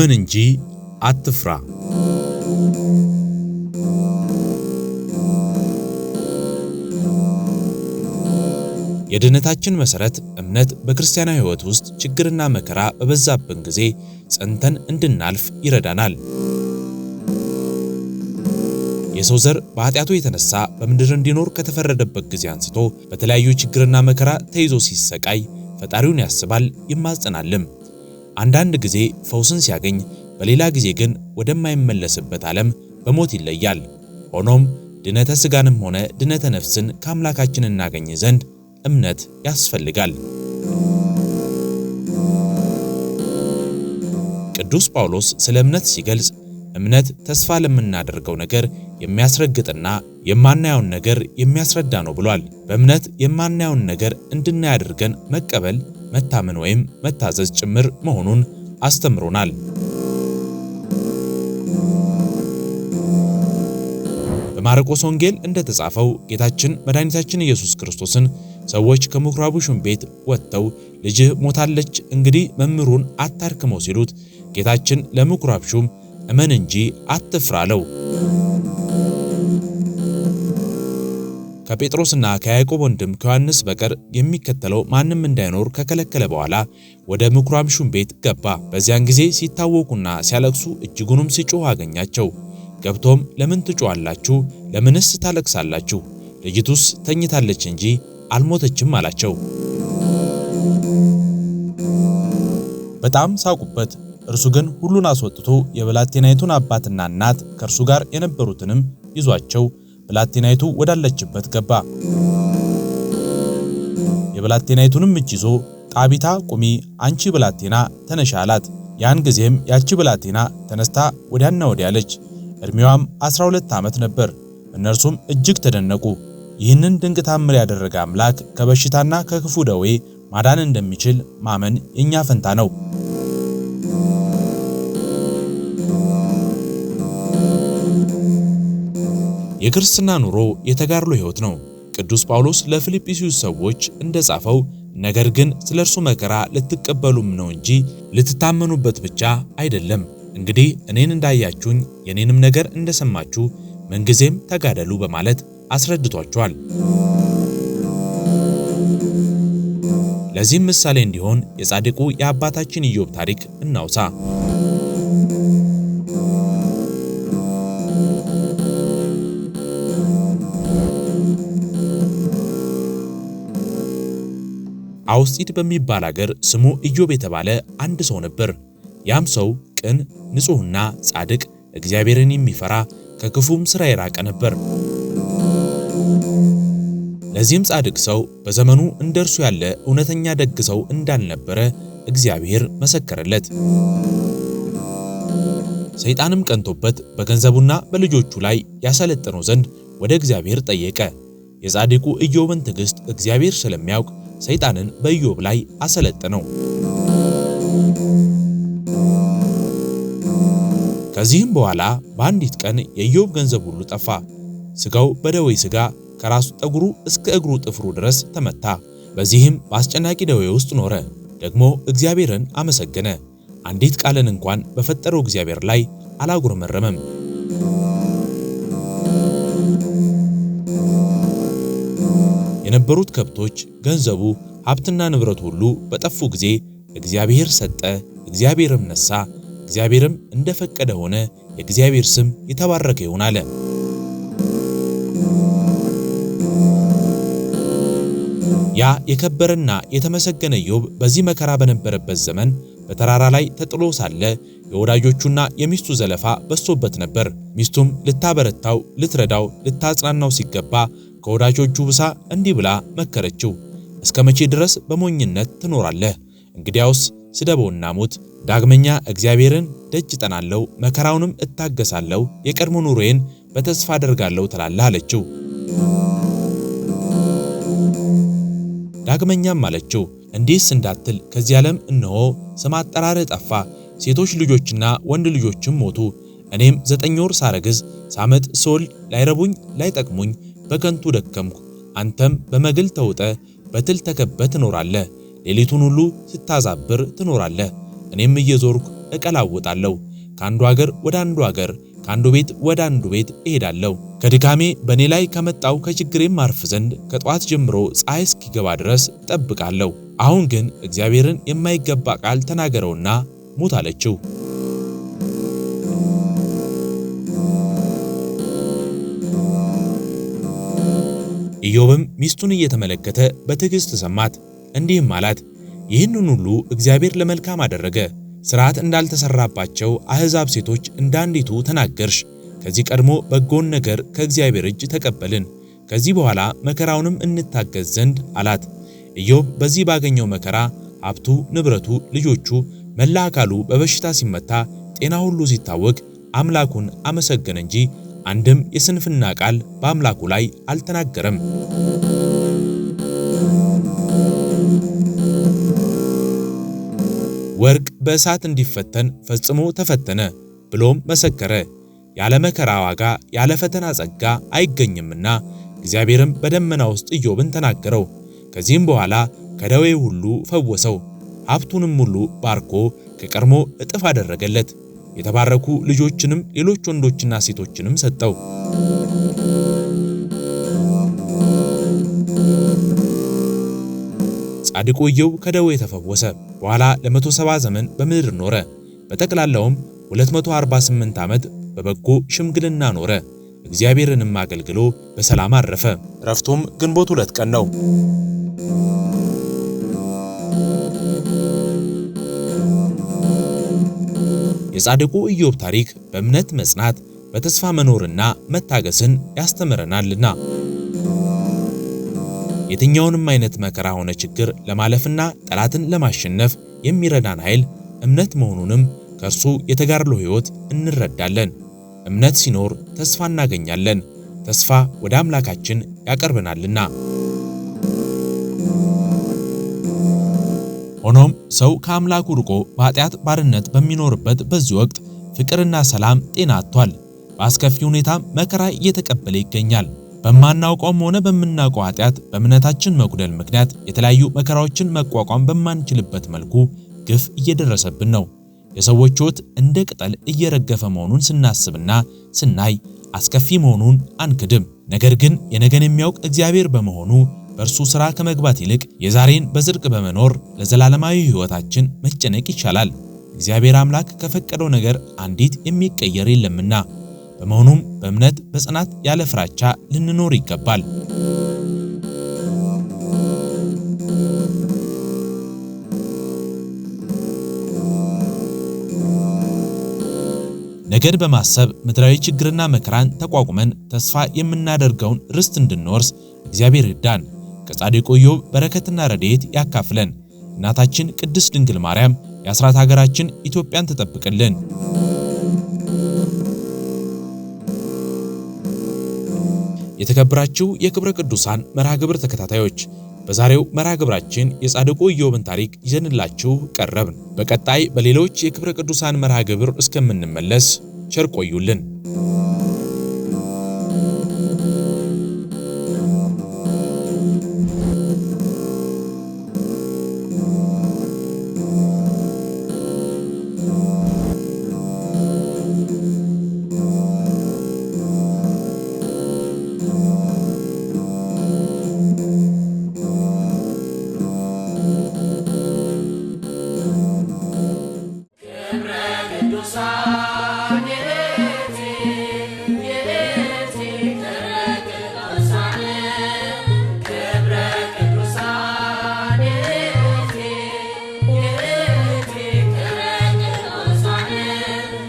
እመን እንጂ አትፍራ። የድህነታችን መሰረት እምነት በክርስቲያናዊ ሕይወት ውስጥ ችግርና መከራ በበዛብን ጊዜ ጸንተን እንድናልፍ ይረዳናል። የሰው ዘር በኃጢአቱ የተነሳ በምድር እንዲኖር ከተፈረደበት ጊዜ አንስቶ በተለያዩ ችግርና መከራ ተይዞ ሲሰቃይ ፈጣሪውን ያስባል ይማጸናልም። አንዳንድ ጊዜ ፈውስን ሲያገኝ፣ በሌላ ጊዜ ግን ወደማይመለስበት ዓለም በሞት ይለያል። ሆኖም ድነተ ሥጋንም ሆነ ድነተ ነፍስን ከአምላካችን እናገኝ ዘንድ እምነት ያስፈልጋል። ቅዱስ ጳውሎስ ስለ እምነት ሲገልጽ እምነት ተስፋ ለምናደርገው ነገር የሚያስረግጥና የማናየውን ነገር የሚያስረዳ ነው ብሏል። በእምነት የማናየውን ነገር እንድናይ መቀበል መታመን ወይም መታዘዝ ጭምር መሆኑን አስተምሮናል። በማርቆስ ወንጌል እንደተጻፈው ጌታችን መድኃኒታችን ኢየሱስ ክርስቶስን ሰዎች ከምኵራቡ ሹም ቤት ወጥተው ልጅህ ሞታለች፣ እንግዲህ መምህሩን አታርክመው ሲሉት ጌታችን ለምኵራብ ሹም እመን እንጂ አትፍራ አለው። ከጴጥሮስና ከያዕቆብ ወንድም ከዮሐንስ በቀር የሚከተለው ማንም እንዳይኖር ከከለከለ በኋላ ወደ ምኩራብ ሹም ቤት ገባ። በዚያን ጊዜ ሲታወቁና ሲያለቅሱ እጅጉንም ሲጮህ አገኛቸው። ገብቶም ለምን ትጮኻላችሁ? ለምንስ ታለቅሳላችሁ? ልጅቱስ ተኝታለች እንጂ አልሞተችም አላቸው። በጣም ሳቁበት። እርሱ ግን ሁሉን አስወጥቶ የብላቴናይቱን አባትና እናት ከእርሱ ጋር የነበሩትንም ይዟቸው ብላቴናይቱ ወዳለችበት ገባ። የብላቴናይቱንም እጅ ይዞ ጣቢታ ቁሚ፣ አንቺ ብላቴና ተነሻ አላት። ያን ጊዜም ያቺ ብላቴና ተነስታ ወዲያና ወዲያ አለች። እድሜዋም 12 ዓመት ነበር። እነርሱም እጅግ ተደነቁ። ይህንን ድንቅ ታምር ያደረገ አምላክ ከበሽታና ከክፉ ደዌ ማዳን እንደሚችል ማመን የኛ ፈንታ ነው። የክርስትና ኑሮ የተጋድሎ ሕይወት ነው። ቅዱስ ጳውሎስ ለፊልጵስዩስ ሰዎች እንደጻፈው ነገር ግን ስለ እርሱ መከራ ልትቀበሉም ነው እንጂ ልትታመኑበት ብቻ አይደለም። እንግዲህ እኔን እንዳያችሁኝ የኔንም ነገር እንደሰማችሁ ምንጊዜም ተጋደሉ በማለት አስረድቷቸዋል። ለዚህም ምሳሌ እንዲሆን የጻድቁ የአባታችን ኢዮብ ታሪክ እናውሳ። አውስጢድ በሚባል አገር ስሙ ኢዮብ የተባለ አንድ ሰው ነበር። ያም ሰው ቅን፣ ንጹሕና ጻድቅ፣ እግዚአብሔርን የሚፈራ ከክፉም ሥራ የራቀ ነበር። ለዚህም ጻድቅ ሰው በዘመኑ እንደ እርሱ ያለ እውነተኛ ደግ ሰው እንዳልነበረ እግዚአብሔር መሰከረለት። ሰይጣንም ቀንቶበት በገንዘቡና በልጆቹ ላይ ያሰለጥነው ዘንድ ወደ እግዚአብሔር ጠየቀ። የጻድቁ ኢዮብን ትዕግሥት እግዚአብሔር ስለሚያውቅ ሰይጣንን በኢዮብ ላይ አሰለጠነው። ከዚህም በኋላ በአንዲት ቀን የኢዮብ ገንዘብ ሁሉ ጠፋ። ስጋው በደዌ ስጋ ከራሱ ጠጉሩ እስከ እግሩ ጥፍሩ ድረስ ተመታ። በዚህም በአስጨናቂ ደዌ ውስጥ ኖረ። ደግሞ እግዚአብሔርን አመሰገነ። አንዲት ቃልን እንኳን በፈጠረው እግዚአብሔር ላይ አላጉረመረመም። የነበሩት ከብቶች፣ ገንዘቡ፣ ሀብትና ንብረት ሁሉ በጠፉ ጊዜ እግዚአብሔር ሰጠ፣ እግዚአብሔርም ነሳ፣ እግዚአብሔርም እንደፈቀደ ሆነ፣ የእግዚአብሔር ስም የተባረከ ይሁን አለ። ያ የከበረና የተመሰገነ ኢዮብ በዚህ መከራ በነበረበት ዘመን በተራራ ላይ ተጥሎ ሳለ የወዳጆቹና የሚስቱ ዘለፋ በዝቶበት ነበር። ሚስቱም ልታበረታው፣ ልትረዳው፣ ልታጽናናው ሲገባ ከወዳጆቹ ብሳ እንዲህ ብላ መከረችው። እስከ መቼ ድረስ በሞኝነት ትኖራለህ? እንግዲያውስ ስደበውና ሞት። ዳግመኛ እግዚአብሔርን ደጅ ጠናለው፣ መከራውንም እታገሳለሁ፣ የቀድሞ ኑሮዬን በተስፋ አደርጋለሁ ትላለህ አለችው። ዳግመኛም አለችው እንዲህስ እንዳትል ከዚህ ዓለም እነሆ ስም አጠራርህ ጠፋ፣ ሴቶች ልጆችና ወንድ ልጆችም ሞቱ። እኔም ዘጠኝ ወር ሳረግዝ ሳመጥ ስወልድ ላይረቡኝ ላይጠቅሙኝ በከንቱ ደከምኩ፣ አንተም በመግል ተውጠ በትል ተከበ ትኖራለ ሌሊቱን ሁሉ ስታዛብር ትኖራለህ። እኔም እየዞርኩ እቀላውጣለሁ። ከአንዱ አገር ወደ አንዱ አገር፣ ከአንዱ ቤት ወደ አንዱ ቤት እሄዳለሁ። ከድካሜ በእኔ ላይ ከመጣው ከችግሬም አርፍ ዘንድ ከጠዋት ጀምሮ ፀሐይ እስኪገባ ድረስ እጠብቃለሁ። አሁን ግን እግዚአብሔርን የማይገባ ቃል ተናገረውና ሙት አለችው። ኢዮብም ሚስቱን እየተመለከተ በትዕግስት ሰማት፣ እንዲህም አላት፦ ይህንን ሁሉ እግዚአብሔር ለመልካም አደረገ። ሥርዓት እንዳልተሰራባቸው አሕዛብ ሴቶች እንዳንዲቱ ተናገርሽ። ከዚህ ቀድሞ በጎን ነገር ከእግዚአብሔር እጅ ተቀበልን፣ ከዚህ በኋላ መከራውንም እንታገዝ ዘንድ አላት። ኢዮብ በዚህ ባገኘው መከራ ሀብቱ፣ ንብረቱ፣ ልጆቹ፣ መላ አካሉ በበሽታ ሲመታ፣ ጤና ሁሉ ሲታወቅ አምላኩን አመሰገነ እንጂ አንድም የስንፍና ቃል በአምላኩ ላይ አልተናገረም። ወርቅ በእሳት እንዲፈተን ፈጽሞ ተፈተነ ብሎም መሰከረ። ያለ መከራ ዋጋ ያለ ፈተና ጸጋ አይገኝምና እግዚአብሔርም በደመና ውስጥ ኢዮብን ተናገረው። ከዚህም በኋላ ከደዌ ሁሉ ፈወሰው፣ ሀብቱንም ሁሉ ባርኮ ከቀድሞ እጥፍ አደረገለት። የተባረኩ ልጆችንም ሌሎች ወንዶችና ሴቶችንም ሰጠው። ጻድቁ ኢዮብ ከደዌ የተፈወሰ በኋላ ለ170 ዘመን በምድር ኖረ። በጠቅላላውም 248 ዓመት በበጎ ሽምግልና ኖረ። እግዚአብሔርንም አገልግሎ በሰላም አረፈ። እረፍቱም ግንቦት ሁለት ቀን ነው። የጻድቁ ኢዮብ ታሪክ በእምነት መጽናት፣ በተስፋ መኖርና መታገስን ያስተምረናልና የትኛውንም አይነት መከራ ሆነ ችግር ለማለፍና ጠላትን ለማሸነፍ የሚረዳን ኃይል እምነት መሆኑንም ከእርሱ የተጋድሎ ሕይወት እንረዳለን። እምነት ሲኖር ተስፋ እናገኛለን፣ ተስፋ ወደ አምላካችን ያቀርብናልና። ሆኖም ሰው ከአምላኩ ርቆ በኃጢአት ባርነት በሚኖርበት በዚህ ወቅት ፍቅርና ሰላም ጤና አጥቷል። በአስከፊ ሁኔታ መከራ እየተቀበለ ይገኛል። በማናውቀውም ሆነ በምናውቀው ኃጢአት በእምነታችን መጉደል ምክንያት የተለያዩ መከራዎችን መቋቋም በማንችልበት መልኩ ግፍ እየደረሰብን ነው። የሰዎች ሕይወት እንደ ቅጠል እየረገፈ መሆኑን ስናስብና ስናይ አስከፊ መሆኑን አንክድም። ነገር ግን የነገን የሚያውቅ እግዚአብሔር በመሆኑ በእርሱ ሥራ ከመግባት ይልቅ የዛሬን በጽድቅ በመኖር ለዘላለማዊ ሕይወታችን መጨነቅ ይቻላል። እግዚአብሔር አምላክ ከፈቀደው ነገር አንዲት የሚቀየር የለምና፣ በመሆኑም በእምነት በጽናት ያለ ፍራቻ ልንኖር ይገባል። ነገን በማሰብ ምድራዊ ችግርና መከራን ተቋቁመን ተስፋ የምናደርገውን ርስት እንድንወርስ እግዚአብሔር ይርዳን። ከጻድቁ ኢዮብ በረከትና ረድኤት ያካፍለን። እናታችን ቅድስት ድንግል ማርያም የአስራት ሀገራችን ኢትዮጵያን ትጠብቅልን። የተከበራችሁ የክብረ ቅዱሳን መርሃ ግብር ተከታታዮች በዛሬው መርሃ ግብራችን የጻድቁ ኢዮብን ታሪክ ይዘንላችሁ ቀረብን። በቀጣይ በሌሎች የክብረ ቅዱሳን መርሃ ግብር እስከምንመለስ ቸር ቆዩልን። nos ha